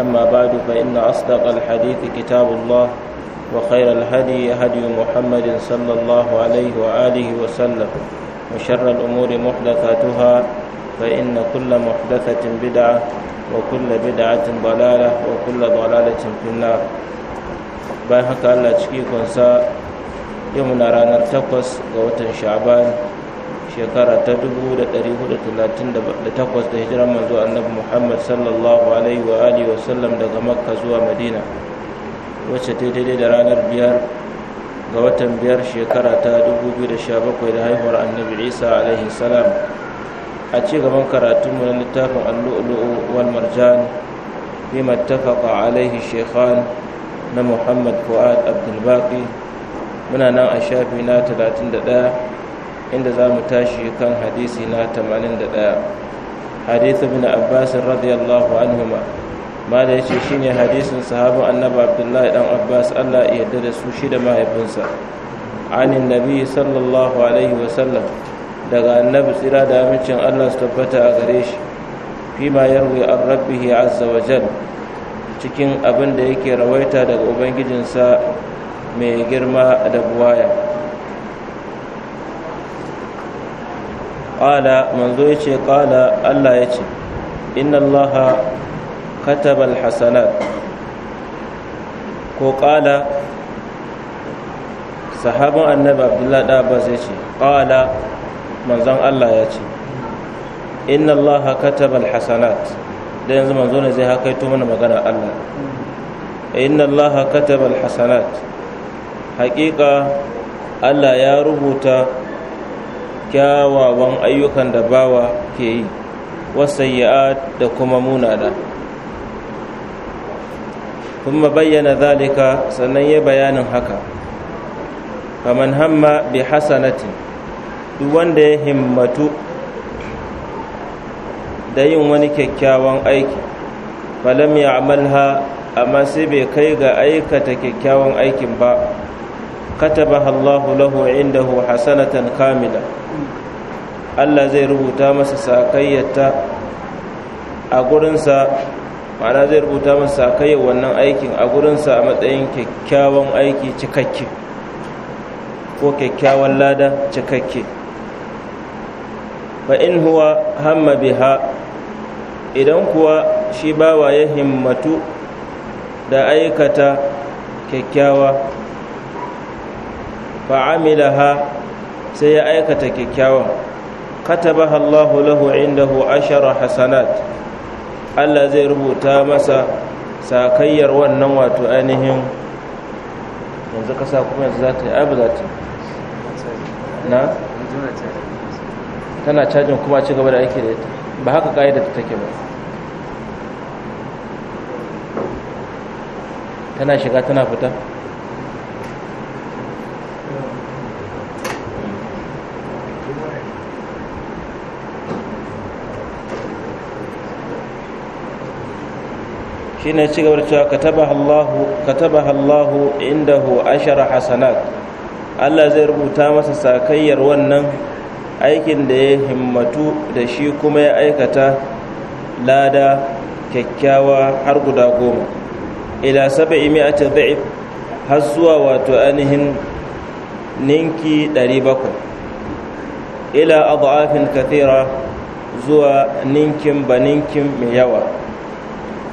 أما بعد فإن أصدق الحديث كتاب الله وخير الهدي هدي محمد صلى الله عليه وآله وسلم وشر الأمور محدثاتها فإن كل محدثة بدعة وكل بدعة ضلالة وكل ضلالة في النار باي هكا الله تشكيكم سا يومنا رانا تقص قوة شعبان shekara ta 1438 da hijiran manzo annabi muhammad sallallahu alaihi wa alihi wa sallam daga makka zuwa madina wacce ta daidai da ranar biyar ga watan biyar shekara ta 2017 da haihuwar annabi isa alaihi salam a ci gaban karatunmu na littafin allu'ulu'u wal marjan bima tafaka alaihi shekhan na muhammad fuad abdulbaki muna nan a shafi na 31 inda za mu tashi kan hadisi na 81 hadith ibn abbas radiyallahu anhuma ma da yace shine hadisin sahabin annabi abdullahi dan abbas Allah ya yarda da su shi da mahaifinsa anin nabi sallallahu alaihi wa sallam daga annabi tsira da amincin Allah su tabbata a gare shi ma yarwi an rabbihi azza wa jal cikin abin da yake rawaita daga ubangijinsa mai girma da buwaya qala manzo yace qala Allah yace inna Allah kataba alhasanat ko qala sahaban annabi abdullahi da abbas yace qala manzon Allah yace inna Allah kataba alhasanat da yanzu manzo ne zai haka mana magana Allah inna Allah kataba alhasanat haƙiƙa Allah ya rubuta kyawawan ayyukan da bawa ke yi wasayya'a da kuma munada. kuma bayyana zalika sannan ya bayanin haka kamar hamma bi hasanatin duk wanda ya himmatu da yin wani kyakkyawan aiki falam ya amalha amma sai bai kai ga aikata kyakkyawan aikin ba katabaha Allahu lahu indahu hasanatan kamila Allah zai rubuta masa sakayyata a gurinsa ma'ana zai rubuta masa sakayyar a gurinsa a matsayin kyakkyawan aiki cikakke ko kyakkyawan lada cikakke fa in huwa hamma biha idan kuwa shi bawa ya himmatu da aikata kyakkyawa fa'amilaha sai ya aikata kyakkyawan katabaha Allahu lahu indahu ashara hasanat Allah zai rubuta masa sakayyar wannan wato ainihin yanzu ka sa kuma yanzu za ta yi abu za ta na tana cajin kuma ci gaba da aiki da ita ba haka da ta take ba tana shiga tana fita shine ci gaba da cewa katabaha Allahu katabaha Allahu indahu ashara hasanat Allah zai rubuta masa sakayyar wannan aikin da ya himmatu da shi kuma ya aikata lada kyakkyawa har guda goma ila saba'i mi'ati dha'if har zuwa wato ainihin ninki 700 ila adafin kathira zuwa ninkin baninkin mai yawa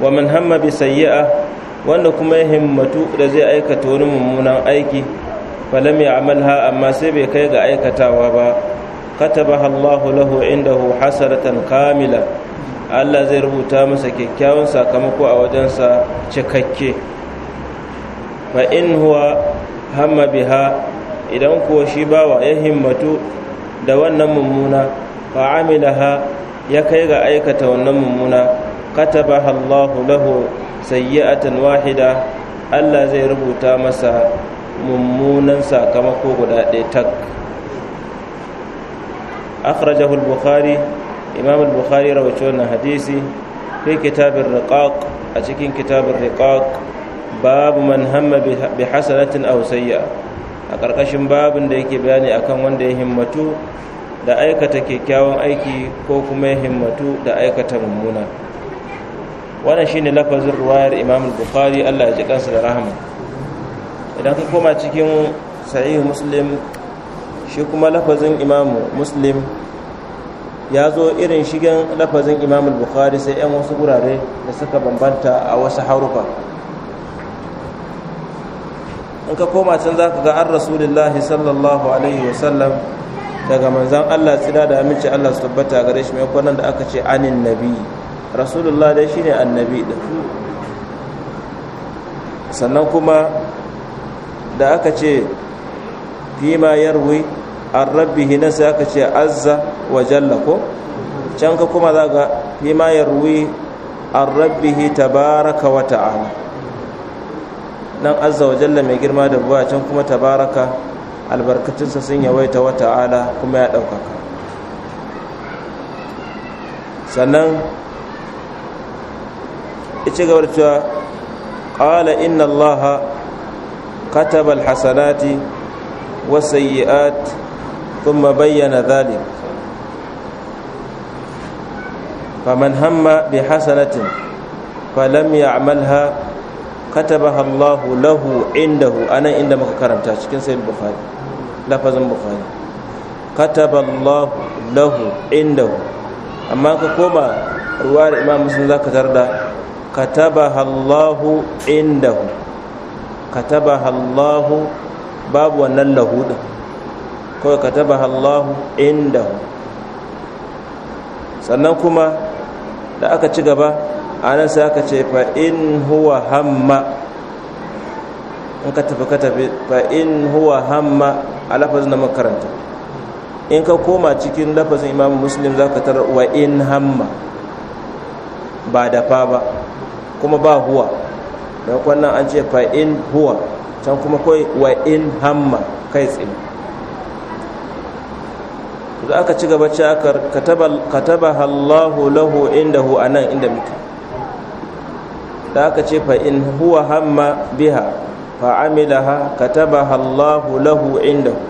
wa man hamma bi sayyi'a wanda kuma ya himmatu da zai aikata wani mummunan aiki falam ya'malha amma sai bai kai ga aikatawa ba kataba Allahu lahu indahu hasaratan kamila Allah zai rubuta masa kyakkyawan sakamako a wajen sa cikakke fa in huwa hamma biha idan kuwa shi bawa ya himmatu da wannan mummuna fa amilaha ya kai ga aikata wannan mummuna katabaha Allahu lahu sayyi'atan wahida Allah zai rubuta masa mummunan sakamako guda ɗaya tak akhrajahu al-bukhari imam al-bukhari wannan hadisi fi kitabir riqaq a cikin kitabir riqaq babu man hamma bi hasanatin aw sayya a karkashin babin da yake bayani akan wanda ya himmatu da aikata kyakkyawan aiki ko kuma ya himmatu da aikata mummuna wannan shine lafazin ruwayar imam bukhari Allah ya ji kansa da rahama idan ka koma cikin sahih muslim shi kuma lafazin imam muslim ya zo irin shigen lafazin imam bukhari sai yan wasu gurare da suka bambanta a wasu haruka in ka koma can za ka ga an rasulullahi sallallahu alaihi wasallam daga manzan allah tsira da aminci allah su tabbata gare shi mai kwanan da aka ce anin nabi rasulullah dai shine annabi su sannan kuma da aka ce fima yarwi an rabbihi na sai aka ce azza wa jalla ko can ka kuma za ga fima yarwi an rabbihi tabaraka wa ta'ala nan azza wa jalla mai girma da buwa can kuma tabaraka albarkacinsa sun yawaita wa ta'ala kuma ya ɗaukaka sannan ya ci gaba da cewa qala inna allaha kataba alhasanati wasayyi'at thumma bayyana dhalik faman hamma bihasanatin falam ya'malha katabaha Allah lahu indahu anan inda muka karanta cikin sahih bukhari lafazin bukhari kataba Allah lahu indahu amma ka koma ruwa da imam muslim zaka tarda katabaha Allahu indahu katabaha Allahu babu wannan lahu din kawai katabaha Allahu indahu sannan kuma da aka ci gaba a nan sai aka ce fa in huwa hamma in ka tafi ka tafi fa in huwa hamma a lafazin da makaranta in ka koma cikin lafazin imamu muslim za ka tarar wa in hamma ba da fa ba kuma ba huwa don kwanan an ce fa in huwa can kuma kai wa in hamma kai tsini da aka ci gaba cewa kataba hallahu lahu inda hu a nan inda muke da aka ce fa in huwa hamma biha fa ha kataba hallahu lahu inda hu.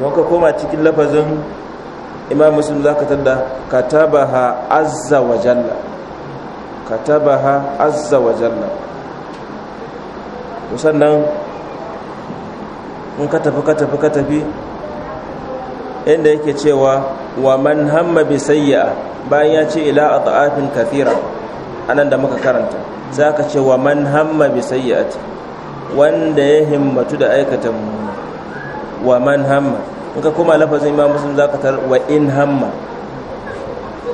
don ka koma cikin lafazin imam muslim za ka tada kataba ha azza wa jalla katabaha azza wa jalla sannan in ka tafi ka tafi ka tafi inda yake cewa wa man hamma bi sayya bayan ya ce ila adafin kathira anan da muka karanta zaka ce wa man hamma bi sayyati wanda ya himmatu da aikata mummuna wa man hamma in ka kuma lafazin imam muslim zaka tar wa in hamma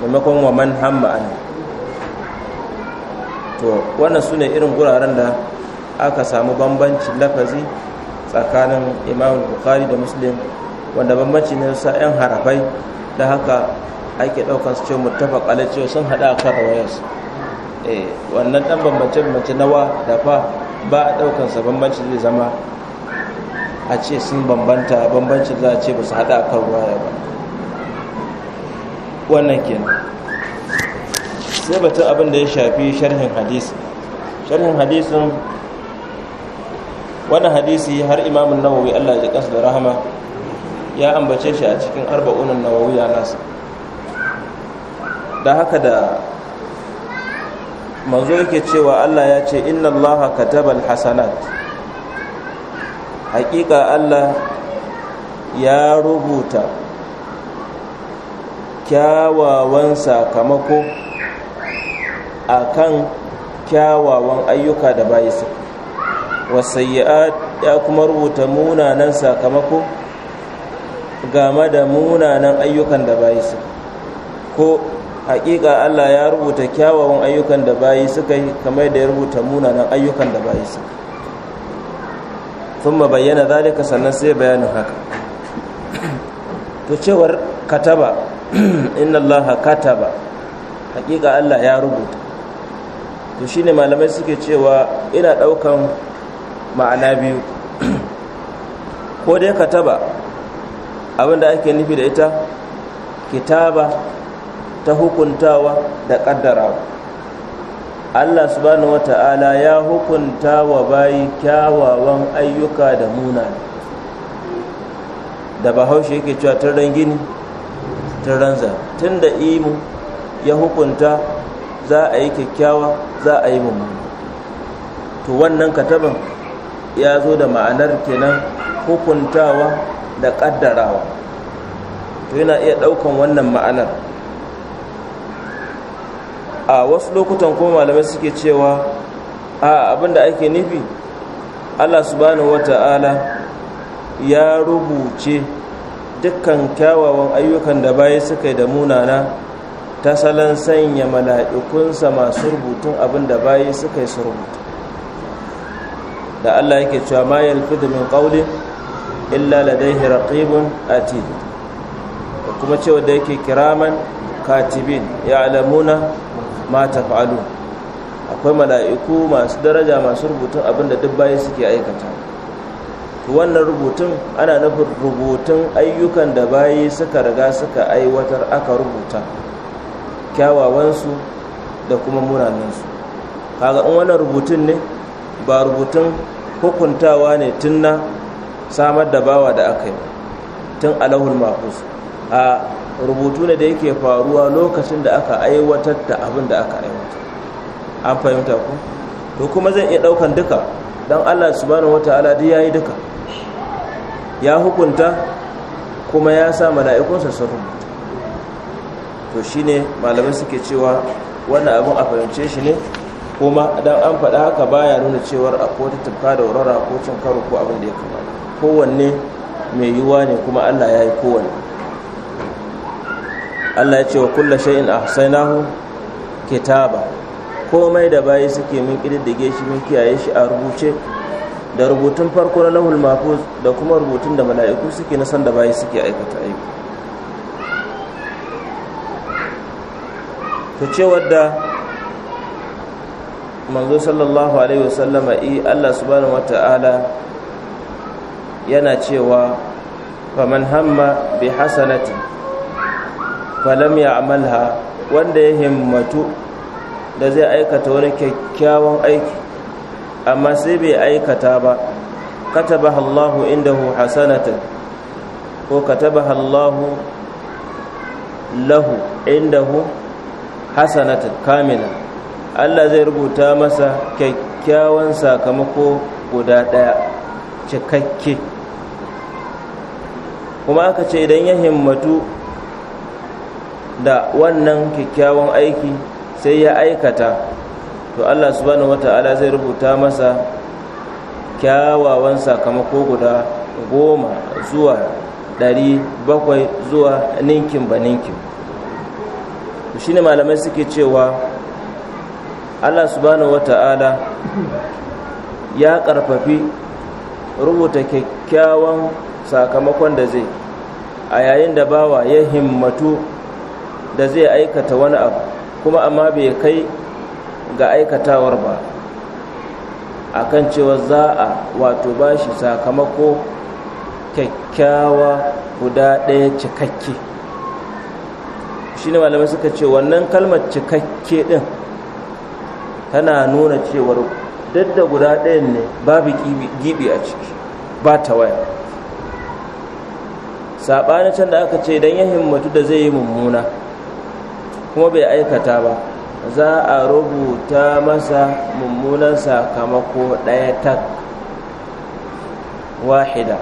maimakon wa man hamma anan to wannan su ne irin guraren da aka samu bambancin lafazi tsakanin imam bukhari da muslim wanda bambanci ne sa 'yan harafai da haka ake ɗaukar su ce mutafak cewa sun haɗa a kan rawayarsu eh, wannan ɗan bambance-bambance nawa da fa ba a sa bambanci zai zama a ce sun bambanta bambancin za a ce ba su haɗa a kan rawaya ba wannan kenan sai batun abin da ya shafi sharhin hadisi sharhin hadisin wannan hadisi har imamun nawawi allah ya kansa da rahama ya ambace shi a cikin arba'unan a nasa da haka da manzo yake cewa Allah ya ce inna allaha katabal hasanat hakika Allah ya rubuta kyawawan sakamako akan kyawawan ayyuka da bayi su wasayyi'at ya kuma rubuta munanan sakamako game da munanan ayyukan da bayi su ko hakika Allah ya rubuta kyawawan ayyukan da bayi suka yi kamar da ya rubuta munanan ayyukan da bayi suka thumma bayyana zalika sannan sai bayanin haka to cewar kataba inna Allah kataba hakika Allah ya rubuta to ne malamai suke cewa ina ɗaukan ma'ana biyu ko dai ka kataba abinda ake nufi da ita kitaba ta hukuntawa da ƙaddara. Allah subhanahu wata'ala ya hukunta wa bayi kyawawan ayyuka da muna da bahaushe yake cewa tun gini tun ranza tun da imu ya hukunta za a yi kyakkyawa za a yi mummu. to wannan kataban ya zo da ma'anar kenan hukuntawa da ƙaddarawa to yana iya ɗaukan wannan ma'anar a wasu lokutan kuma malamai suke cewa a abinda ake nufi allah subhanahu wata'ala ya rubuce dukkan kyawawan ayyukan da baya suka yi da munana ta salon sanya mala'ikunsa masu rubutun abin da bayi suka yi su rubuta da Allah yake cewa ma yalfidu min ƙaunin illa ladayhi raqibun atid da kuma cewa da yake kiraman katibin alamuna ma fa’alu akwai mala'iku masu daraja masu rubutun abin da duk bayi suke aikata wannan rubutun ana nufin rubutun ayyukan da bayi suka riga suka aiwatar aka rubuta kyawawansu da kuma muranansu kaga in wannan rubutun ne ba rubutun hukuntawa ne tun na samar da bawa da aka yi tun alahul mahus a rubutu ne da yake faruwa lokacin da aka aiwatar da abin da aka aiwatar an fahimta ku to kuma zan iya daukan duka dan Allah subhanahu wataala duk yayi duka ya hukunta kuma ya sa mala'ikunsa sun rubuta to shi ne malamai suke cewa wannan abin a fahimce shi ne kuma dan an faɗa haka baya nuna cewar a wata tufka da warara ko cin karo ko abin da ya kamata kowanne mai yiwuwa ne kuma Allah ya yi kowanne Allah ya ce wa kulla shay'in ahsaynahu kitaba komai da bayi suke min kididdige shi min kiyaye shi a rubuce da rubutun farko na lahul mafuz da kuma rubutun da mala'iku suke na san da bayi suke aikata aiki Ku ce wadda manzo sallallahu alaihi wasallama i Allah subhanahu wata'ala yana cewa faman hamma bi hasanati falam ya'malha wanda ya himmatu da zai aikata wani kyakkyawan aiki amma sai bai aikata ba katabaha Allahu indahu hasanatan ko katabaha Allahu lahu indahu hasanatan kamila Allah zai rubuta masa kyakkyawan sakamako guda ɗaya cikakke kuma aka ce idan ya himmatu da wannan kyakkyawan aiki sai ya aikata to Allah subhanahu wata'ala zai rubuta masa kyawawan sakamako guda goma zuwa ɗari bakwai zuwa ninkin ba ninkin shine malamai suke cewa Allah subhanahu wata'ala ya karfafi rubuta kyakkyawan sakamakon da zai a yayin da bawa ya himmatu da zai aikata wani abu kuma amma bai kai ga aikatawar ba a kan cewa za a wato bashi sakamako kyakkyawa guda ɗaya cikakke shine malamai suka ce wannan kalmar cikakke din tana nuna cewar duk da guda ɗayan ne babu gibi a ciki ba ta waya saɓani can da aka ce don ya himmatu da zai yi mummuna kuma bai aikata ba za a rubuta masa mummunan sakamako ɗaya ta wahida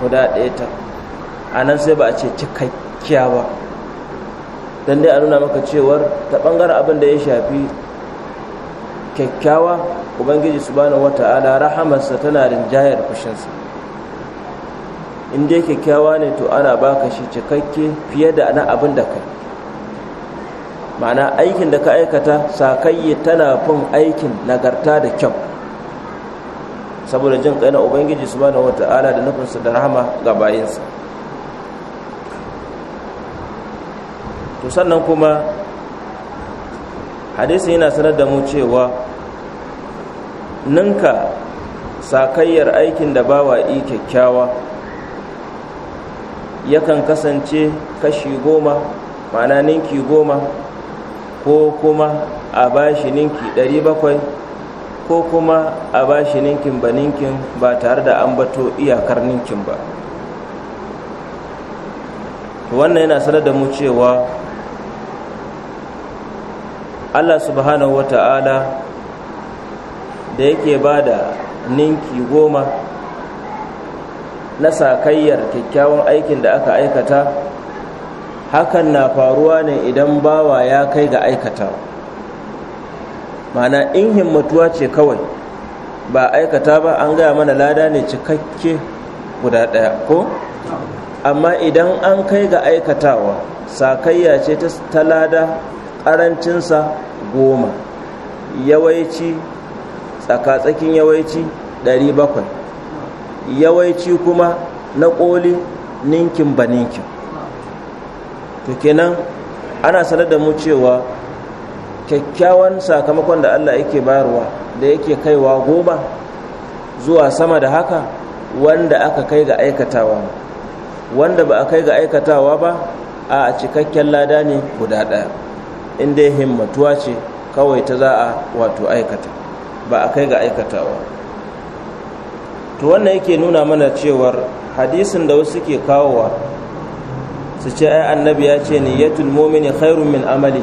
guda ɗaya ta a nan sai ba a ce cikakkiya ba don dai a nuna maka cewar ta bangar abin da ya shafi kyakkyawa ubangiji subhanahu wata'ala rahamarsa tana rinjayar fushinsa in dai kyakkyawa ne to ana baka shi cikakke fiye da na abin da kai ma'ana aikin da ka aikata sa sakayye tana fin aikin nagarta da kyau saboda jin ƙaina ubangiji subhanahu wata'ala da nufinsa da rahama ga bayinsa to sannan kuma hadisi yana sanar da mu cewa ninka sakayyar aikin da bawa yi kyakkyawa yakan kasance kashi goma ma'ana ninki goma ko kuma a bashi ninki ɗari bakwai ko kuma a bashi ninkin ba ninkin ba tare da an bato iyakar ninkin ba wannan yana sanar da mu cewa Allah subhanahu wata'ala da yake ba da ninki goma na sakayyar kyakkyawan aikin da aka aikata hakan na faruwa ne idan bawa ya kai ga aikata mana in himmatuwa ce kawai ba aikata ba an gaya mana lada ne cikakke guda ɗaya ko amma idan an kai ga aikatawa sakayya ce ta lada Karancinsa goma yawaici tsakatsakin yawaici 700, yawaici kuma na koli ninkin ba ninkin to kenan ana sanar da mu cewa kyakkyawan sakamakon da allah yake bayarwa da yake kaiwa goma zuwa sama da haka wanda aka kai ga aikatawa wanda ba a kai ga aikatawa ba a cikakken lada ne guda ɗaya in dai himmatuwa ce kawai ta za a wato aikata ba a kai ga aikatawa to wannan yake nuna mana cewar hadisin da wasu ke kawowa su ce ai annabi ya ce niyyatul mu'mini khairun min amali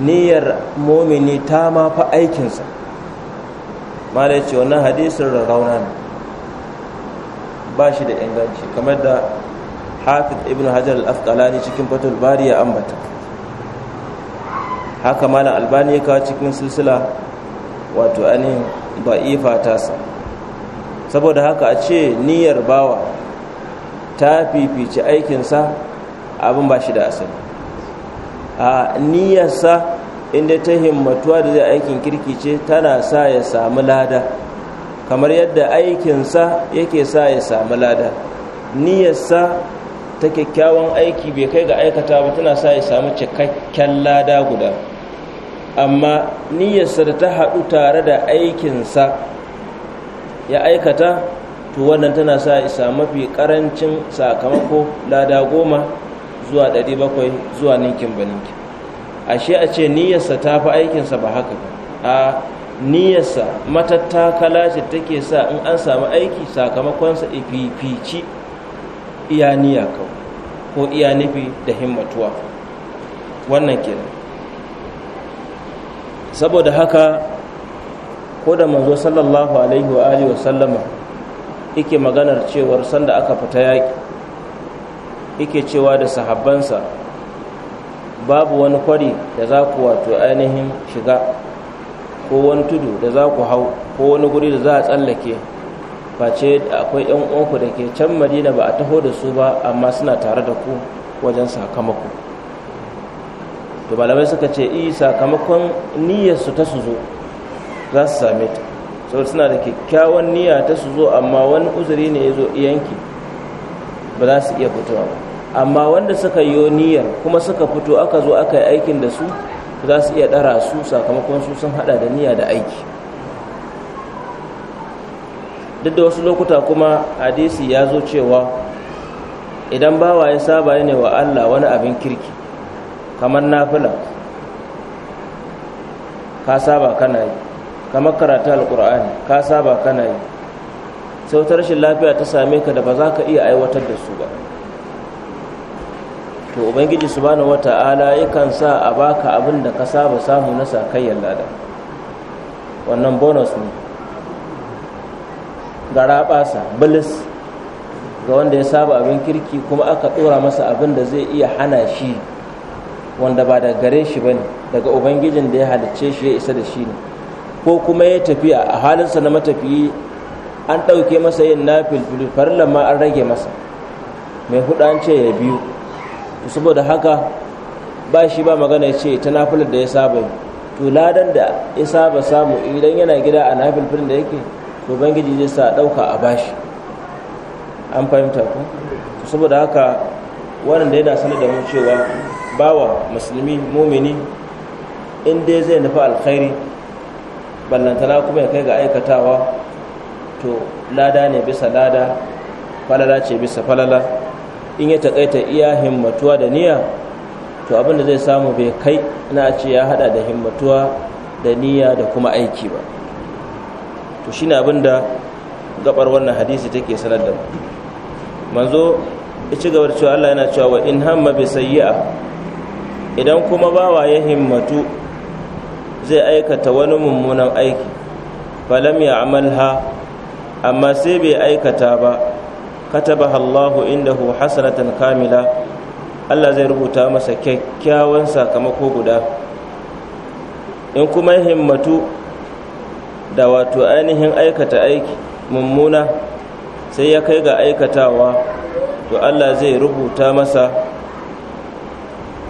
niyyar mu'mini ta ma fa aikinsa malai ce wannan hadisin rarrauna ne ba shi da inganci kamar da hafiz ibn hajar al-asqalani cikin fatul bari ya ambata haka malam albani ya kawo cikin silsila wato ainihin ba'ifa tasa saboda haka a ce niyyar bawa ta fifici aikinsa abin ba shi da asali a niyyarsa inda ta himmatuwa da zai aikin kirki ce tana sa ya samu lada kamar yadda aikinsa yake sa ya samu lada niyyarsa ta kyakkyawan aiki bai kai ga aikata ba tana sa ya samu cikakken lada guda amma niyyarsa da ta haɗu tare da aikinsa ya aikata to wannan tana sa isa mafi ƙarancin sakamako lada goma zuwa ɗari bakwai zuwa ninkin ba ashe a ce niyyarsa ta fi aikinsa ba haka ba a niyyarsa matattakala ce take sa in an samu aiki sakamakonsa ififici iya niyya kawai ko iya nufi da himmatuwa wannan kenan saboda haka ko da manzo sallallahu alaihi wa alihi wa sallama yake maganar cewar sanda aka fita yaki, yake cewa da sahabbansa babu wani kwari da za ku wato ainihin shiga ko wani tudu da za ku hau ko wani guri da za a tsallake face da akwai yan uwanku da ke can madina ba a taho da su ba amma suna tare da ku wajen sakamako to malamai suka ce i sakamakon niyyarsu ta su zo za su same ta saboda suna da kyakkyawan niyya ta su zo amma wani uzuri ne ya zo yanki ba za su iya fitowa ba amma wanda suka yi niyyar kuma suka fito aka zo aka yi aikin da su za su iya ɗara su sakamakon su sun haɗa da niyya da aiki duk da wasu lokuta kuma hadisi ya zo cewa idan bawa ya saba ne wa allah wani abin kirki kamar nafila ka saba kana yi kamar karatu alkur'ani ka saba kana yi sai wata rashin lafiya ta same ka da ba za ka iya aiwatar da su ba to ubangiji su bani wata ala yakan sa a baka abin da ka saba samu na sakayyar lada wannan bonus ne gara basa bilis ga wanda ya saba abin kirki kuma aka dora masa abin da zai iya hana shi wanda ba daga gare shi ba ne daga ubangijin da ya halicce shi ya isa da shi ne ko kuma ya tafiya a halinsa na matafiyi an ɗauke masa yin na filfili farlan ma an rage masa mai hudu an ce ya biyu saboda haka ba shi ba magana ya ce ta nafilar da ya saba yi to ladan da ya saba samu idan yana gida a nafilfilin da yake ubangiji zai sa ɗauka a bashi an fahimta ku saboda haka wannan da yana sanar da mu cewa bawa musulmi mumini in dai zai nufi alkhairi ballantana kuma ya kai ga aikatawa to lada ne bisa lada falala ce bisa falala in ya takaita iya himmatuwa da niyya to abin zai samu bai kai na ce ya hada da himmatuwa da niyya da kuma aiki ba to shine abin da gabar wannan hadisi take sanar da manzo ya ci gaba da cewa Allah yana cewa wa in hamma bi sayyi'a idan kuma bawa ya himmatu zai aikata wani mummunan aiki falam ya amalha amma sai bai aikata ba katabaha Allahu indahu hasanatan kamila Allah zai rubuta masa kyakkyawan sakamako guda in kuma ya himmatu da wato ainihin aikata aiki mummuna sai ya kai ga aikatawa to Allah zai rubuta masa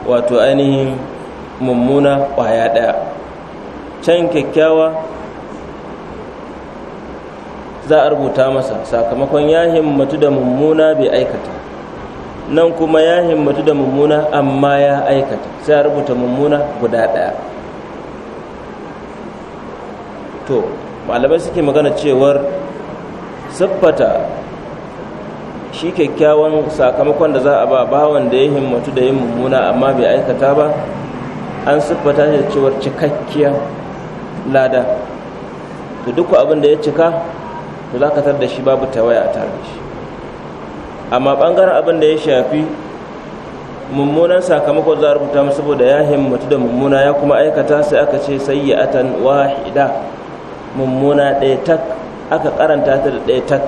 wato ainihin mummuna kwaya ɗaya can kyakkyawa za a rubuta masa sakamakon ya himmatu da mummuna bai aikata nan kuma ya himmatu da mummuna amma ya aikata sai a rubuta mummuna guda ɗaya to malamai suke magana cewar siffata shi kyakkyawan sakamakon da za a ba bawan da ya himmatu da yin mummuna amma bai aikata ba an siffata shi da cewar cikakkiya lada to duk abin da ya cika to za ka tar da shi babu ta a tare da shi amma bangaren abin da ya shafi mummunan sakamakon za a rubuta mu saboda ya himmatu da mummuna ya kuma aikata sai aka ce sayyatan wahida mummuna ɗaya tak aka karanta ta da ɗaya tak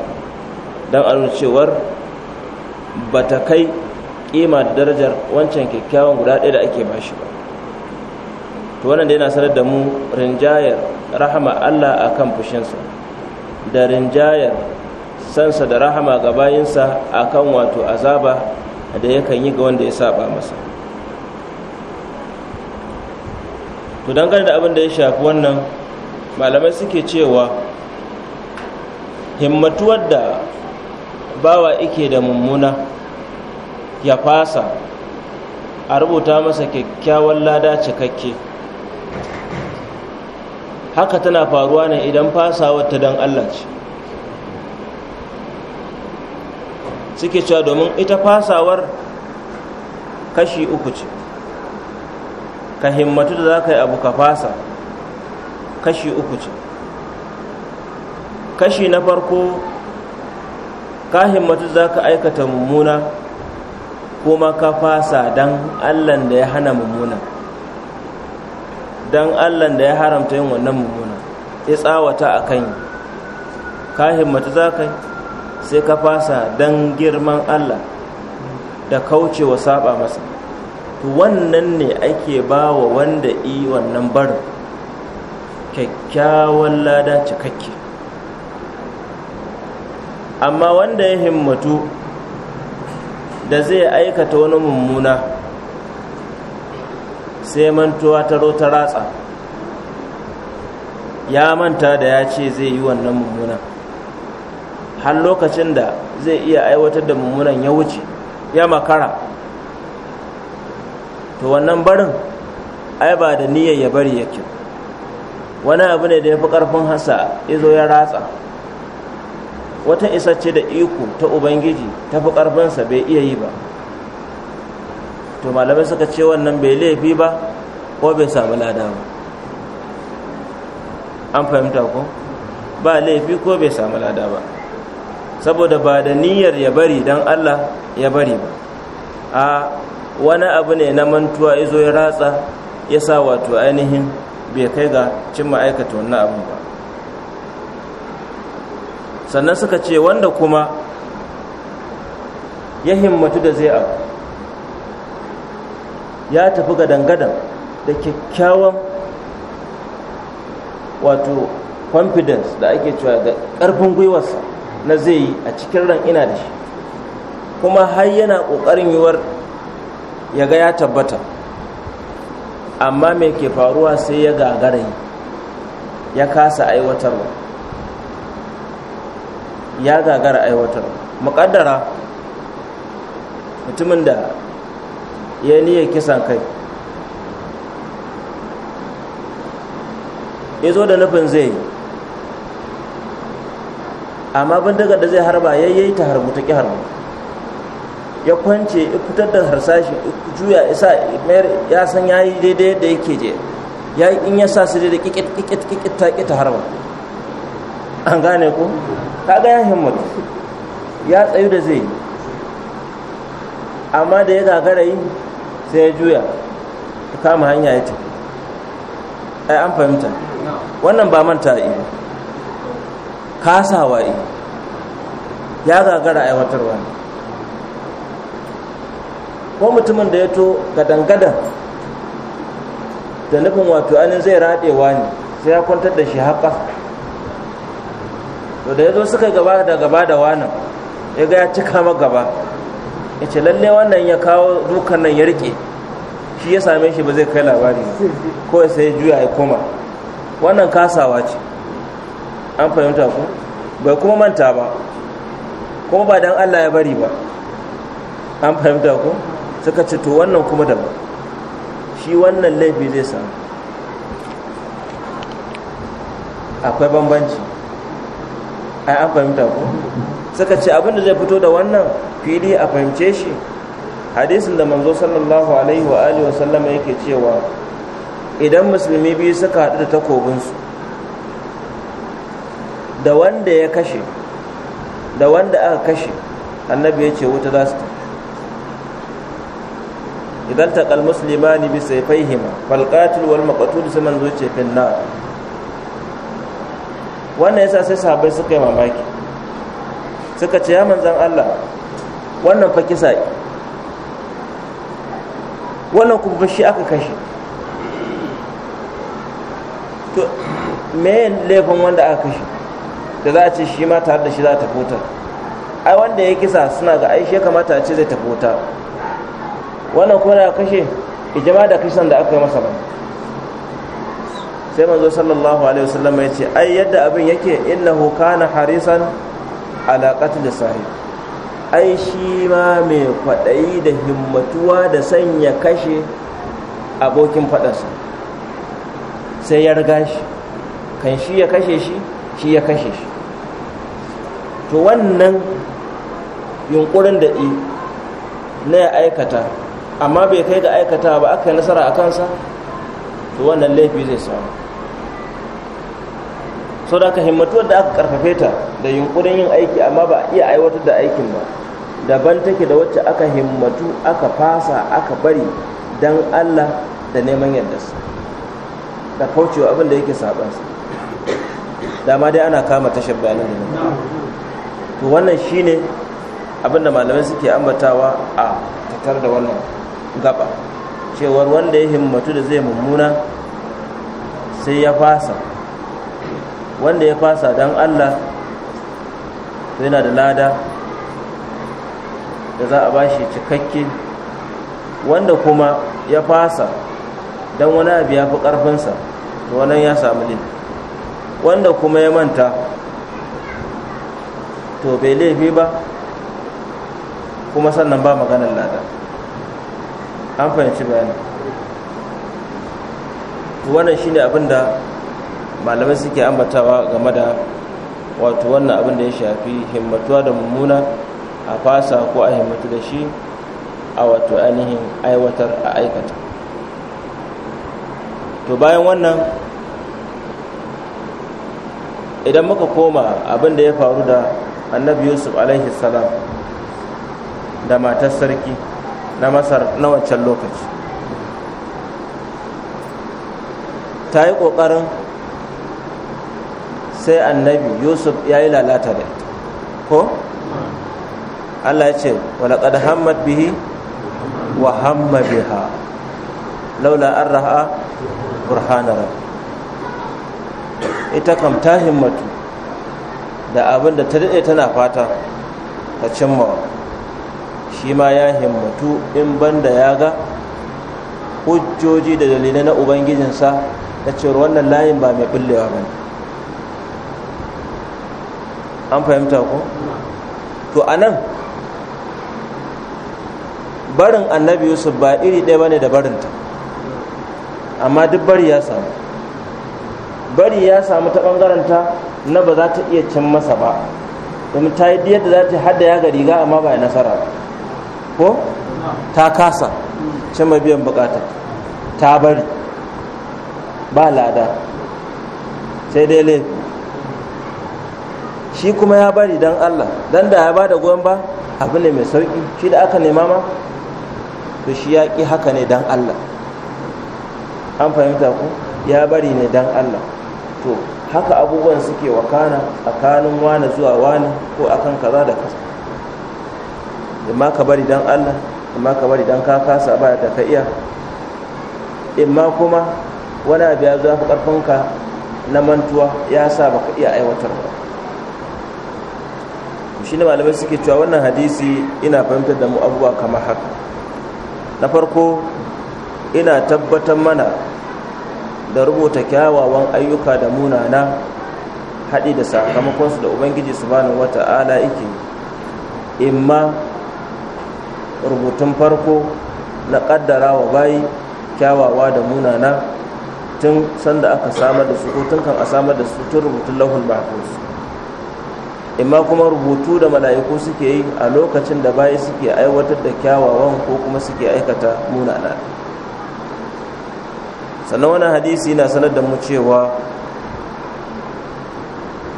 don a cewar ba ta kai kima da darajar wancan kyakkyawan guda ɗaya da ake bashi ba to wannan dai yana sanar da mu rinjayar rahama Allah a kan fushinsa da rinjayar sansa da rahama ga bayinsa a kan wato azaba da yakan yi ga wanda ya saba masa to dangane da abin da ya shafi wannan malamai suke cewa himmatuwar da bawa ike da mummuna ya fasa a rubuta masa kyakkyawan lada cikakke haka tana faruwa ne idan fasa wata don Allah ce suke cewa domin ita fasawar kashi uku ce ka himmatu da za ka yi abu ka fasa kashi uku ce kashi na farko ka himmatu za ka aikata mummuna kuma ka fasa don allan da ya hana mummuna don allan da ya haramta yin wannan mummuna ya tsawata a kan yi ka himmatu za ka sai ka fasa don girman allah da kaucewa saba masa to wannan ne ake ba wa wanda i wannan barin kyakkyawan lada cikakke amma wanda ya himmatu da zai aikata wani mummuna sai mantuwa ta ta ratsa ya manta da ya ce zai yi wannan mummuna har lokacin da zai iya aiwatar da mummunan ya wuce ya makara to wannan barin ai ba da niyyar ya bari yake wani abu ne da ya fi ƙarfin hasa izo ya ratsa wata ce da iko ta ubangiji ta fi ƙarfinsa bai iya yi ba to malamai suka ce wannan bai laifi ba ko bai samu lada ba an fahimta ko ba laifi ko bai samu lada ba saboda ba da niyyar ya bari don allah ya bari ba a wani abu ne na mantuwa izo ya ratsa ya sa wato ainihin bai kai ga cimma aikata wannan abu ba sannan suka ce wanda kuma ya himmatu da zai abu ya tafi ga dangadan da kyakkyawan wato confidence da ake cewa ga ƙarfin gwiwarsa na zai yi a cikin ran ina da shi kuma har yana ƙoƙarin yiwuwar ya ga ya tabbata amma mai ke faruwa sai ya gagara yi ya kasa aiwatarwa ya gagara aiwatar muƙaddara mutumin da ya niyya kisan kai ya zo da nufin zai amma amma daga da zai harba ya yi ta harbu ta ƙi harbu ya kwance ya fitar da harsashi juya isa mayar ya san ya yi daidai da yake je ya in ya sa su da ƙiƙit ƙiƙit ƙiƙit ta ta harba an gane ku kaga ya himmatu ya tsayu da zai amma da ya gagara yi sai ya juya ta kama hanya ya tafi ai an fahimta wannan ba manta yi kasawa yi ya gagara aiwatarwa ne ko mutumin da ya to gadangadan da nufin wato anin zai raɗewa ne sai ya kwantar da shi haƙa to da ya zo suka gaba da gaba da wannan ya ga ya cika ma gaba ya ce lalle wannan ya kawo dukan nan ya rike shi ya same shi ba zai kai labari ko sai ya juya ya koma wannan kasawa ce an fahimta ku bai kuma manta ba kuma ba dan Allah ya bari ba an fahimta ku suka ce to wannan kuma da ba shi wannan laifi zai samu akwai bambanci ai an fahimta ko suka ce abin da zai fito da wannan fili a fahimce shi hadisin da manzo sallallahu alaihi wa alihi wa sallama yake cewa idan musulmi biyu suka haɗu da takobinsu da wanda ya kashe da wanda aka kashe annabi ya ce wuta za su tafi idan taƙal musulmani bi sai fahima falƙatul wal maƙatul sai manzo ce finna wannan yasa sai sahabbai suka yi mamaki suka ce ya manzan Allah wannan fa kisa wannan kuma shi aka kashe to me laifin wanda aka kashe da za a ce shi ma tare da shi za ta fota ai wanda ya kisa suna ga ai shi kamata a ce zai ta fota wannan kuma da kashe ijama da kisan da aka yi masa ba sai manzo sallallahu alaihi wasallam ya ce ai yadda abin yake innahu kana harisan ala qatl sahib ai shi ma mai kwaɗayi da himmatuwa da sanya kashe abokin faɗarsa sai ya riga shi kan shi ya kashe shi shi ya kashe shi to wannan yunkurin da i na ya aikata amma bai kai ga aikata ba aka yi nasara a kansa to wannan laifi zai samu sau da aka himmatuwar da aka karfafe ta da yunkurin yin aiki amma ba iya aiwatar da aikin ba daban take da wacce aka himmatu aka fasa aka bari don Allah da neman Yadda su da kaucewa abin da yake sabansa dama dai ana kama tashar bayanan da to wannan shine abin da malamai suke ambatawa a tatar da wannan gaba cewar wanda ya himmatu da zai mummuna sai ya fasa wanda ya fasa don Allah yana da lada da za a bashi cikakke wanda kuma ya fasa don wani abu ya fi ƙarfinsa to wannan ya samu ne wanda kuma ya manta to bai laifi ba kuma sannan ba maganar lada an fahimci bayanin wannan shine abin da malamai suke ambatawa game da wato wannan abin da ya shafi himmatuwa da mummuna a fasa ko a himmatu da shi a wato ainihin aiwatar a aikata to bayan wannan idan muka koma abin da ya faru da annabi yusuf alaihi salam da matar sarki na masar na wancan lokaci ta yi ƙoƙarin sai annabi yusuf ya yi lalata da ita ko allah ya ce walaƙad hamad bihi wa hamma biha laula an raha burhana ita kam ta himmatu da abin da ta daɗe tana fata ta cimmawa shi ma ya himmatu in banda ya ga hujjoji da dalilai na ubangijinsa ta ce wannan layin ba mai ɓullewa ba ne an fahimta ko to anan barin annabi yusuf ba iri ɗaya bane da barinta amma duk bari ya samu bari ya samu ta ɓangaranta na ba za ta iya cin masa ba domin ta yi yadda za ta hada ya ga riga amma ba ya nasara ko ta kasa cin biyan bukata ta bari ba lada sai dai laifi shi kuma ya bari dan Allah don da ya ba da goyon ba abu ne mai sauƙi shi da aka nema ma to shi ya ƙi haka ne dan Allah an fahimta ku ya bari ne dan Allah to haka abubuwan suke wakana tsakanin wani zuwa wani ko akan kaza da kasa imma ka bari dan Allah imma ka bari dan ka kasa ba da ka iya imma kuma wani abu ya zo ya ƙarfinka na mantuwa ya sa baka iya aiwatar ba shi ne malamai suke cewa wannan hadisi ina fahimtar da mu abubuwa kamar haka na farko ina tabbatar mana da rubuta kyawawan ayyuka da munana haɗi da sakamakonsu da ubangiji su bani wata'ala yake imma rubutun farko na ƙaddara wa bayi kyawawa da munana tun sanda aka samar da su ko tun kan a samar da su tun rubutun lahul mahfuz imma kuma rubutu da mala'iku suke yi a lokacin da bayi suke aiwatar da kyawawan ko kuma suke aikata munana sannan wani hadisi na sanar da mu cewa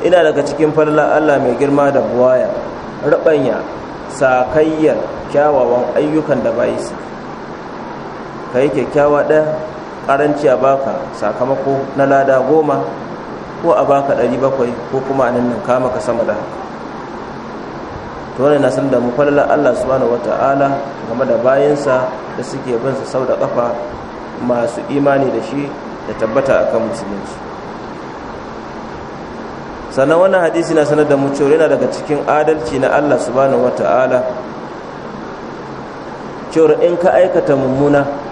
ina daga cikin farla Allah mai girma da buwaya rabanya sakayyar kyawawan ayyukan da bayi su ka kyakkyawa ɗaya ƙaranci a baka sakamako na lada goma ko a baka ɗari bakwai ko kuma a nan ka maka sama da haka to na san da mu falala Allah subhanahu wata'ala game da bayansa da suke bin sa sau da kafa masu imani da shi da tabbata akan musulunci sannan wannan hadisi na sanar da mu cewa yana daga cikin adalci na Allah subhanahu wata'ala cewa in ka aikata mummuna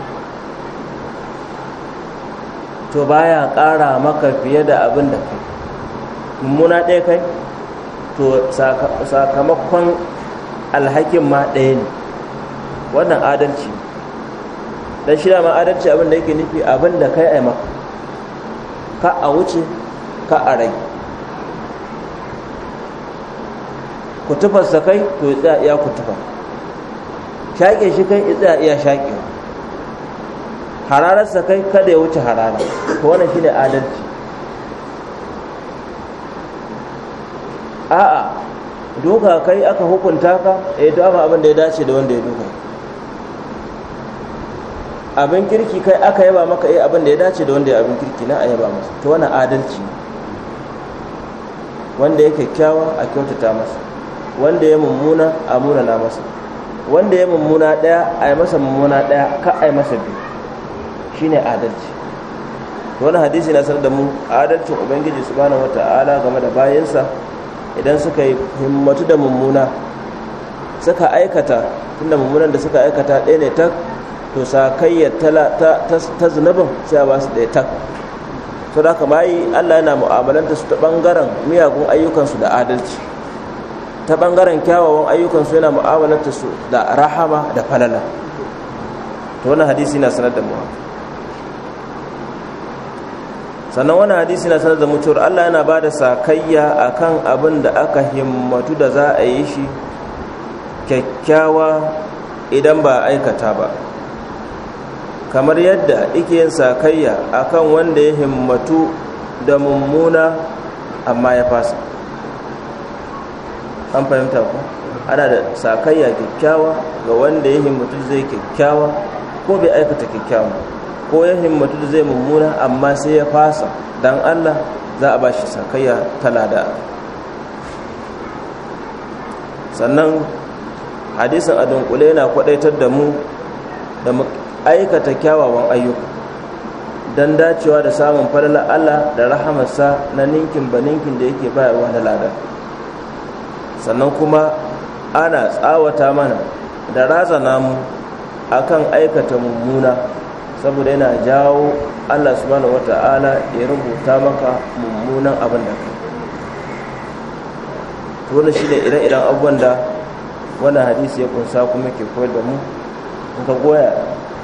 to baya ƙara maka fiye da abin da kai mummuna ɗaya kai to sakamakon alhakin ma ɗaya ne wannan adalci don shi ma adalci abin da yake nufi abin da kai a maka ka a wuce ka a rai kutufarsa kai to ya tsaya iya kutufa shaƙe shi kai ya tsaya iya shaƙewa harararsa kai kada ya wuce harara to wannan shine adalci a'a doka kai aka hukunta ka eh to amma abin da ya dace da wanda ya doka abin kirki kai aka yaba maka eh abin da ya dace da wanda ya abin kirki na a yaba masa to wannan adalci wanda ya kyakkyawa a kyautata masa wanda ya mummuna a munana masa wanda ya mummuna daya a yi masa mummuna daya ka a yi masa biyu shine adalci wani hadisi na sanar da mu adalcin ubangiji subhanahu wata'ala game da bayansa idan suka yi himmatu da mummuna suka aikata tunda mummunan da suka aikata ɗaya ne tak to kayyar ta zunubin sai ba su ɗaya tak to da kama yi allah yana mu'amalanta su ta ɓangaren miyagun ayyukansu da adalci ta ɓangaren kyawawan ayyukansu yana mu'amalanta su da rahama da falala to wani hadisi na sanar da mu sannan wani hadisi na sanar da mutuwar Allah yana ba da sakayya kan abin da aka himmatu da za a yi shi kyakkyawa idan ba aikata ba kamar yadda ike yin sakayya kan wanda ya himmatu da mummuna amma ya fasa an fahimta ku ana da sakayya kyakkyawa ga wanda ya himmatu zai kyakkyawa ko bai aikata kyakkyawa ko ya himmatu da zai mummuna amma sai ya fasa dan Allah za a ba shi sakayya ta lada sannan hadisin a dunkule yana kwadaitar da mu da mu aikata kyawawan ayyuka don dacewa da samun falalar Allah da rahamarsa na ninkin ba ninkin da yake bayarwa da lada sannan kuma ana tsawata mana da razana mu akan aikata mummuna saboda yana jawo Allah subhanahu wata'ala ya rubuta maka mummunan abin da ka to shi ne ire-iren abubuwan da wannan hadisi ya kunsa kuma ke koyar da mu in ka goya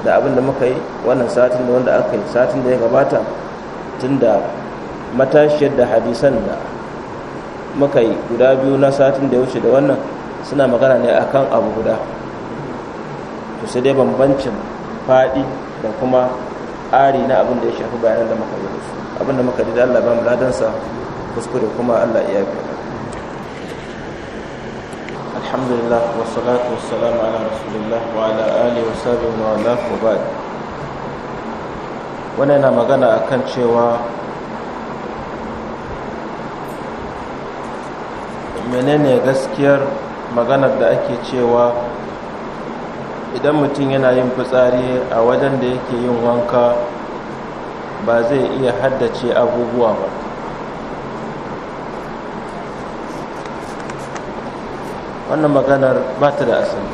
da abin da muka yi wannan satin da wanda aka yi satin da ya gabata tun da matashiyar da hadisan da muka yi guda biyu na satin da ya wuce da wannan suna magana ne akan abu guda sai dai bambancin faɗi da kuma Ari na abin da ya shafi bayanan da muka yi su abin da muka ji da Allah ba mu ladansa kuskure kuma Allah iya bi alhamdulillah wa salatu wa salamu ala rasulillah wa ala alihi wa sahbihi wa ala kubad ba'd wannan yana magana akan cewa menene gaskiyar maganar da ake cewa idan mutum yana yin fitsari a wajen da yake yin wanka ba zai iya haddace abubuwa ba wannan maganar ba ta da asali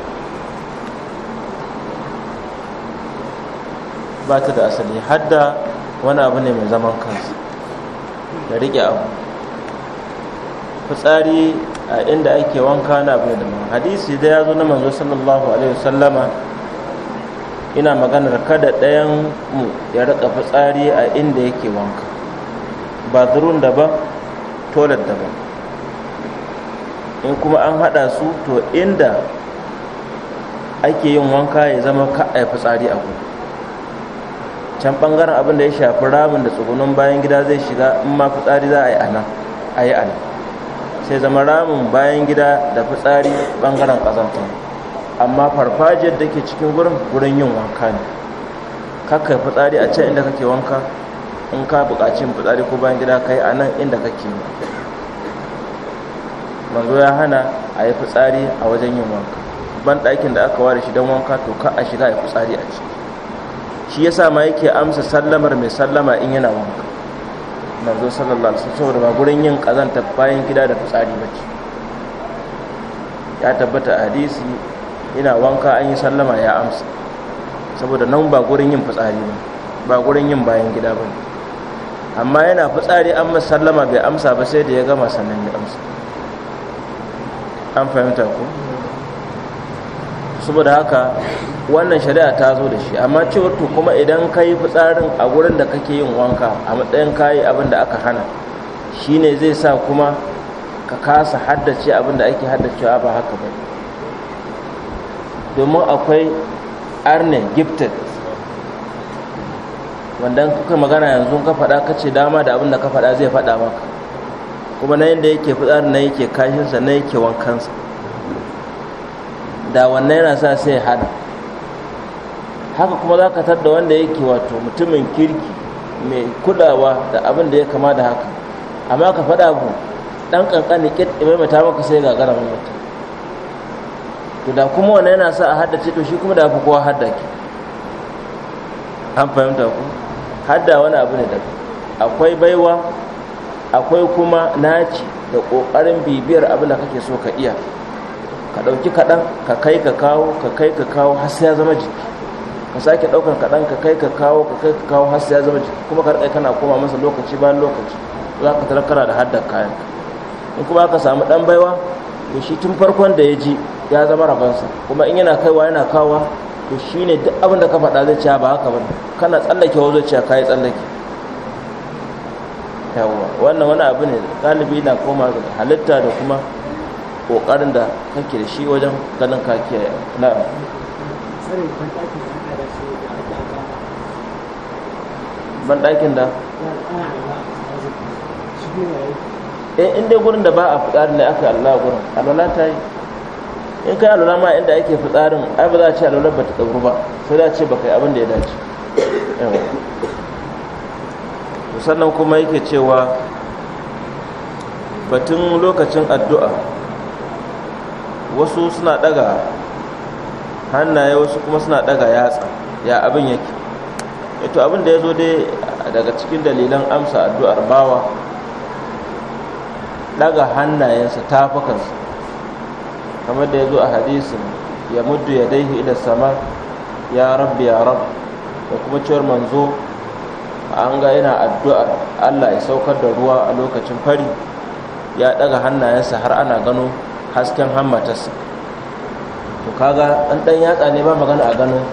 ba ta da asali hadda wani abu ne mai zaman kansa da riƙe abu fitsari a inda ake wanka na abu da hadisi da ya zo na manzo sallallahu alaihi wasallama ina maganar kada ɗayan mu ya rika fitsari a inda yake wanka ba zurun daban toilet daban in kuma an haɗa su to inda ake yin wanka ya zama ka a fitsari a gudu can bangaren abin da ya shafi ramin da tsugunin bayan gida zai shiga in ma fitsari za a yi ana a yi ana sai zama ramin bayan gida da fitsari bangaren kazanta amma farfajiyar da ke cikin gurin gurin yin wanka ne kakka fitsari a can inda kake wanka in ka buƙaci fitsari ko bayan gida ka yi a nan inda kake yi manzo ya hana a yi fitsari a wajen yin wanka ban ɗakin da aka ware shi don wanka to ka a shiga a yi fitsari a ciki shi yasa ma yake amsa sallamar mai sallama in yana wanka manzo sallallahu alaihi wasallam saboda ba gurin yin kazanta bayan gida da fitsari bace ya tabbata a hadisi ina wanka an yi sallama ya amsa saboda nan ba gurin yin fitsari ba ba gurin yin bayan gida ba amma yana fitsari an masa sallama bai amsa ba sai da ya gama sannan ya amsa an fahimta ko saboda haka wannan shari'a ta zo da shi amma cewar to kuma idan ka yi fitsarin a wurin da kake yin wanka a matsayin kayi abin da aka hana shine zai sa kuma ka kasa haddace abin da ake haddacewa ba haka ba domin akwai arne gifted wanda kuka magana yanzu ka faɗa ka ce dama da abin da ka faɗa zai faɗa maka kuma na yadda yake fitsarin na yake kashinsa na yake wankansa da wannan yana sa sai hada haka kuma za ka tar da wanda yake wato mutumin kirki mai kulawa da abin da ya kama da haka amma ka faɗa mu ɗan ƙanƙani ƙit maimaita maka sai ga gara maimaita to da kuma wannan yana sa a ce to shi kuma da fi kowa hada ki an fahimta ku hada wani abu ne daga akwai baiwa akwai kuma naci da ƙoƙarin bibiyar abin da kake so ka iya ka ɗauki kaɗan ka kai ka kawo ka kai ka kawo har sai ya zama jiki ka sake ɗaukar kaɗan ka kai ka kawo ka kai ka kawo har sai ya zama jiki kuma ka rikai kana koma masa lokaci bayan lokaci za ka tarkara da haddar kayan in kuma aka samu ɗan baiwa to shi tun farkon da ya ji ya zama rabansa kuma in yana kaiwa yana kawowa to shi duk abin da ka faɗa zai ciya ba haka ba kana tsallake wa zuciya ka yi tsallake yawwa wannan wani abu ne galibi na koma halitta da kuma kokarin da kake da shi wajen ganin ka kiyaye na ban ɗakin da in inda gurin da ba a fitsarin da aka Allah gurin alwala ta yi in kai alwala ma inda ake fitsarin ai ba za a ce alwala ba ta tsaguru ba sai za a ce ba kai abin da ya dace sannan kuma yake cewa batun lokacin addu'a wasu suna daga hannaye wasu kuma suna daga yatsa ya abin yake ito eh, abin da ya dai daga cikin dalilan amsa addu'ar bawa daga hannayensa tafukansa kamar da yazo a hadisin ya muddu ya ila sama ya rabbi ya rabbi da kuma cewar manzo an ga yana addu'ar allah ya saukar da ruwa a lokacin fari ya daga hannayensa har ana gano hasken hammatarsa to kaga an dan yatsa ne ba magana a ganin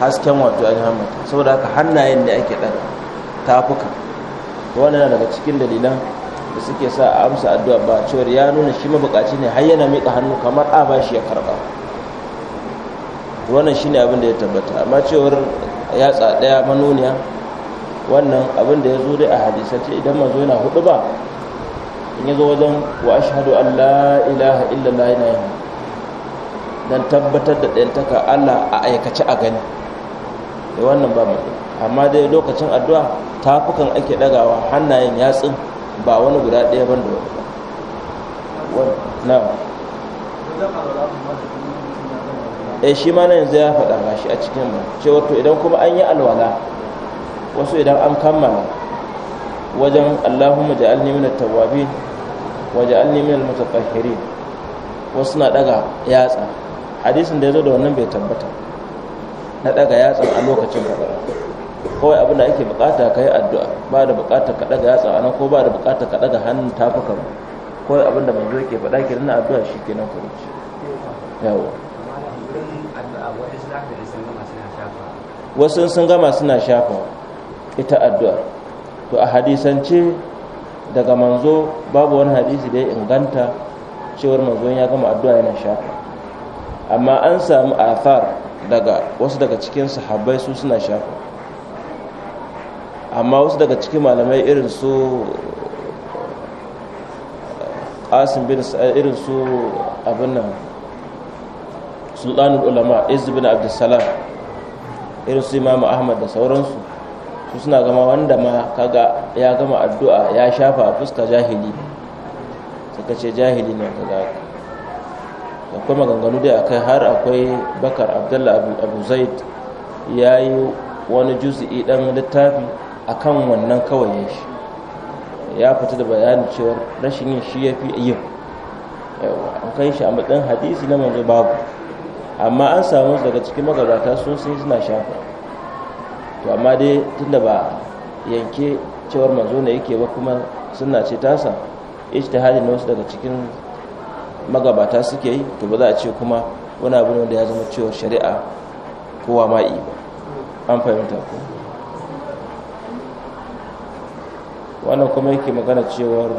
hasken wato an hammata saboda haka hannayen da ake dan tafuka to wannan daga cikin dalilan da suke sa a amsa addu'a ba cewar ya nuna shi mabukaci ne har yana miƙa hannu kamar a ba shi ya karba wannan shi ne abin da ya tabbata amma cewar yatsa daya manuniya wannan abin da ya zo dai a hadisance idan mazo yana hudu ba in zo wajen wa ashhadu Allah la ilaha illallah yana yin don tabbatar da ɗantaka Allah a aikace a gani da eh, wannan ba mai. amma dai lokacin addu'a tafukan ake ɗagawa hannayen yatsun ba wani guda ɗaya ban da wani na eh shi ma na yanzu ya faɗa ba shi a cikin ba ce wato idan kuma an yi alwala wasu idan an kammala wajen allahumma ja'alni minat tawwabin waj'alni minal mutatahhirin wasu na daga yatsa hadisin da ya zo da wannan bai tabbata na daga yatsa a lokacin fadara kawai abin da ake bukata ka yi addu'a ba da bukata ka daga yatsa a nan ko ba da bukata ka daga hannun tafuka ba kawai abin da manzo yake faɗa ke na addu'a shi ke nan kuruci yawa wasu sun gama suna shafa ita addu'a to a hadisance daga manzo babu wani hadisi da ya inganta cewar manzon ya gama addu'a yana shafa amma an samu athar daga wasu daga cikin sahabbai su suna shafa amma wasu daga cikin malamai irin su uh, qasim bin irin su abin nan sultanul ulama izz bin abdussalam irin su imamu ahmad da sauransu su suna gama wanda ma kaga ya gama addu'a ya shafa a fuska jahili suka ce jahili ne kaga akwai maganganu da akai har akwai bakar abdullah abu zaid ya yi wani juzi'i dan littafi akan wannan kawai ya shi ya fita da bayanin cewa rashin yin shi ya fi yin an kai shi a matsayin hadisi na manzo babu amma an samu daga cikin magabata sun sun suna shafa to amma dai tunda ba yanke cewar manzo ne yake ba kuma sunna ce tasa ijtihadin na wasu daga cikin magabata suke yi to ba za a ce kuma wani abu da ya zama cewar shari'a kowa ma yi ba an fahimta ko wannan kuma yake magana cewar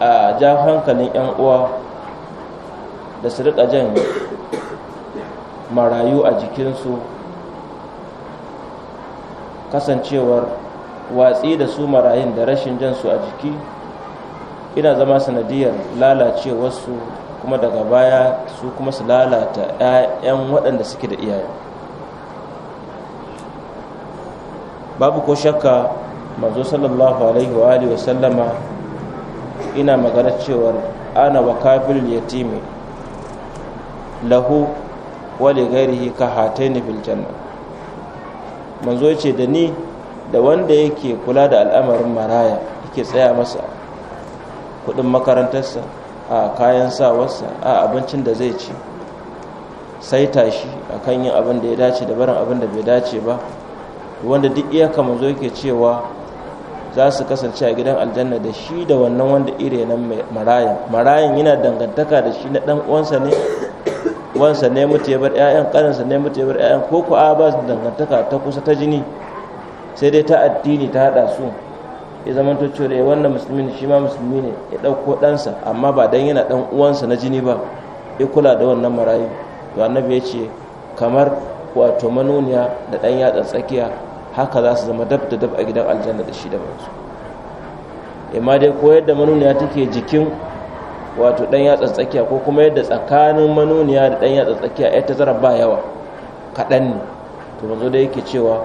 a ja hankalin 'yan uwa da su rika jan marayu a jikinsu kasancewar watsi da su marayun da rashin jan su a jiki ina zama sanadiyar lalacewarsu kuma daga baya su kuma su lalata 'ya'yan waɗanda suke da iyaye babu ko shakka manzo sallallahu alaihi wa wa sallama ina magana cewar ana wa kafin yatimi lahu wali ghairihi ka hataini fil janna manzo ce da ni da wanda yake kula da al'amarin maraya yake tsaya masa kudin makarantarsa a kayan sawarsa a abincin da zai ci sai tashi a kan yin abin da ya dace da barin abin da bai dace ba wanda duk iyaka manzo yake cewa za su kasance a gidan aljanna da shi da wannan wanda irenan marayan marayan yana dangantaka da shi na ɗan uwansa ne uwansa ne mutu ya bar 'ya'yan ƙaninsa ne mutu ya bar 'ya'yan ko ku ba su dangantaka ta kusa ta jini sai dai ta addini ta haɗa su ya zama to cewa eh, wannan musulmi ne shi ma musulmi ne ya ɗauko ɗansa amma ba dan yana ɗan uwansa na jini ba ya kula da wannan marayu to annabi ya ce kamar wato manuniya da ɗan yatsa tsakiya haka za su zama dab da dab a gidan aljanna da shi da mansu ema dai koyar da manoniya take jikin wato ɗan yatsa tsakiya ko kuma yadda tsakanin manuniya da ɗan yatsa tsakiya ya tazara ba yawa kaɗan ne to manzo da yake cewa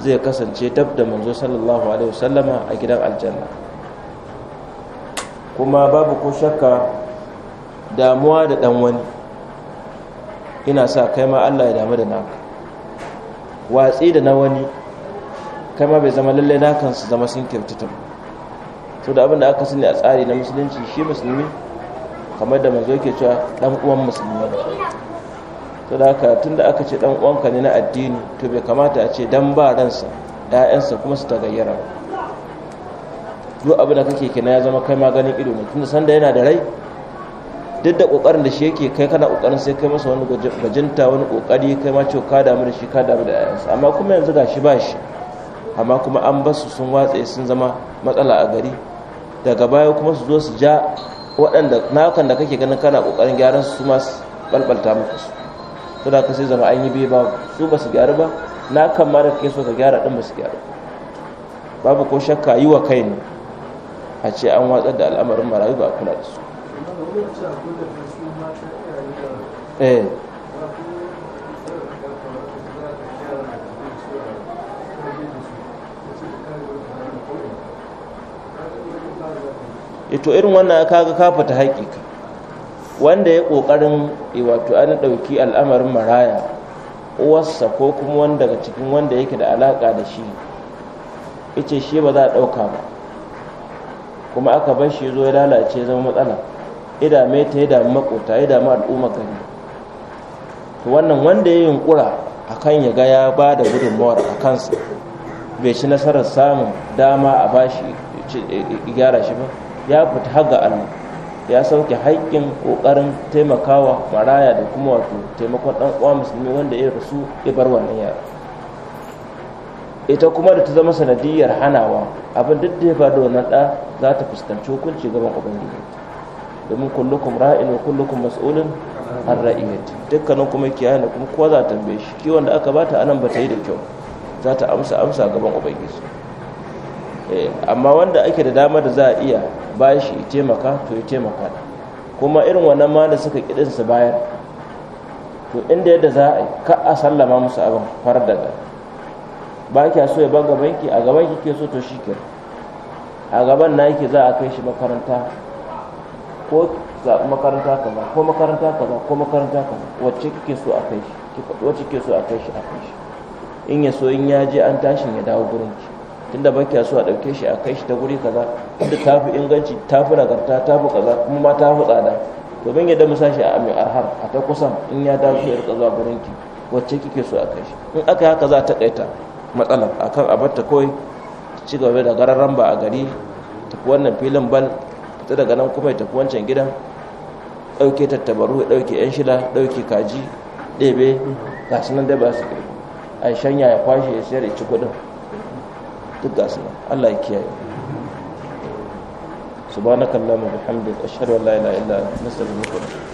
zai kasance dab da manzo sallallahu alaihi wasallama a gidan aljanna kuma babu ko shakka damuwa da dan wani ina sa kai ma Allah ya damu da naka watsi da na wani kai ma bai zama lalle nakan su zama sun kyautata ba to da abin da aka sani a tsari na musulunci shi musulmi kamar da manzo yake cewa dan uwan musulmi ne to da ka tunda aka ce dan uwanka ne na addini to bai kamata a ce dan ba ransa ƴaƴansa kuma su tagayyara duk abin da kake kina ya zama kai maganin ido ne tunda sanda yana da rai duk da kokarin da shi yake kai kana kokarin sai kai masa wani gajinta wani kokari kai ma ce ka damu da shi ka damu da ƴaƴansa amma kuma yanzu gashi ba shi amma kuma an basu sun watse sun zama matsala a gari daga baya kuma su zo su ja waɗanda nakan da kake ganin kana ƙoƙarin gyaran su ma ɓalɓalta maka su to ka sai zama an yi biyu ba su ba su gyaru ba nakan ma da kake so ka gyara ɗin ba su gyaru babu ko shakka yi wa kai ne a ce an watsar da al'amarin marayu ba a kula da su eh. ito eh, irin wannan kaga kafa ta haƙiƙa wanda ya ƙoƙarin eh, wato an ɗauki al'amarin maraya uwarsa ko kuma wanda daga cikin wanda yake da alaƙa da shi ice shi ba za a ɗauka ba kuma aka bar shi zo ya lalace zama matsala idame ta ya damu makota ya damu al'umma gari to wannan wanda ya yunkura kan ya ga ya ba da gudunmawar a kansa bai ci nasarar samun dama a bashi gyara shi ba ya fita haga allo ya sauke haƙƙin ƙoƙarin taimakawa maraya da kuma wato taimakon ɗan uwa musulmi wanda ya rasu ya bar wannan yara ita kuma da ta zama sanadiyar hanawa abin duk da ya faru wannan ɗa za ta fuskanci hukunci gaban ubangiji domin kullukum ra'in wa kullukum mas'ulun an dukkanin kuma kiyaye da kuma kowa za ta tambaye shi kiwon da aka bata anan ba ta yi da kyau za ta amsa amsa gaban ubangiji Eh, amma wanda ake da dama da za a iya bayan shi ya taimaka to ya taimaka kuma irin wannan ma da suka kidin su bayar to inda yadda za a yi ka a sallama musu abin far daga ba kya so ya ban ki a gaban ki ke so to shi a gaban na yake za a kai shi makaranta ko zaɓi makaranta kaza ko makaranta kaza ko makaranta kaza wacce kike so a kai shi wacce kike so a kai shi a kai shi in ya so in ya je an tashin ya dawo gurin ki tunda ba kya so a ɗauke shi a kai shi ta guri kaza inda ta fi inganci ta fi nagarta ta fi kaza kuma ma ta fi tsada to ban yadda mu sashi a mai arhar a ta kusan in ya dawo shi ya rika zuwa gurin ki wacce kike so a kai shi in aka haka za ta kaita matsalar akan a barta kawai ci gaba da gararan ba a gari tafi wannan filin bal fita daga nan kuma ya tafi wancan gidan ɗauke tattabaru ya ɗauke yan shila ɗauke kaji ɗebe gashi nan dai ba su a shanya ya kwashe ya sayar ya ci kuɗin duk gasu Allah ya kiyaye subhanakallahumma bihamdika ashhadu an la ilaha illa anta astaghfiruka wa atubu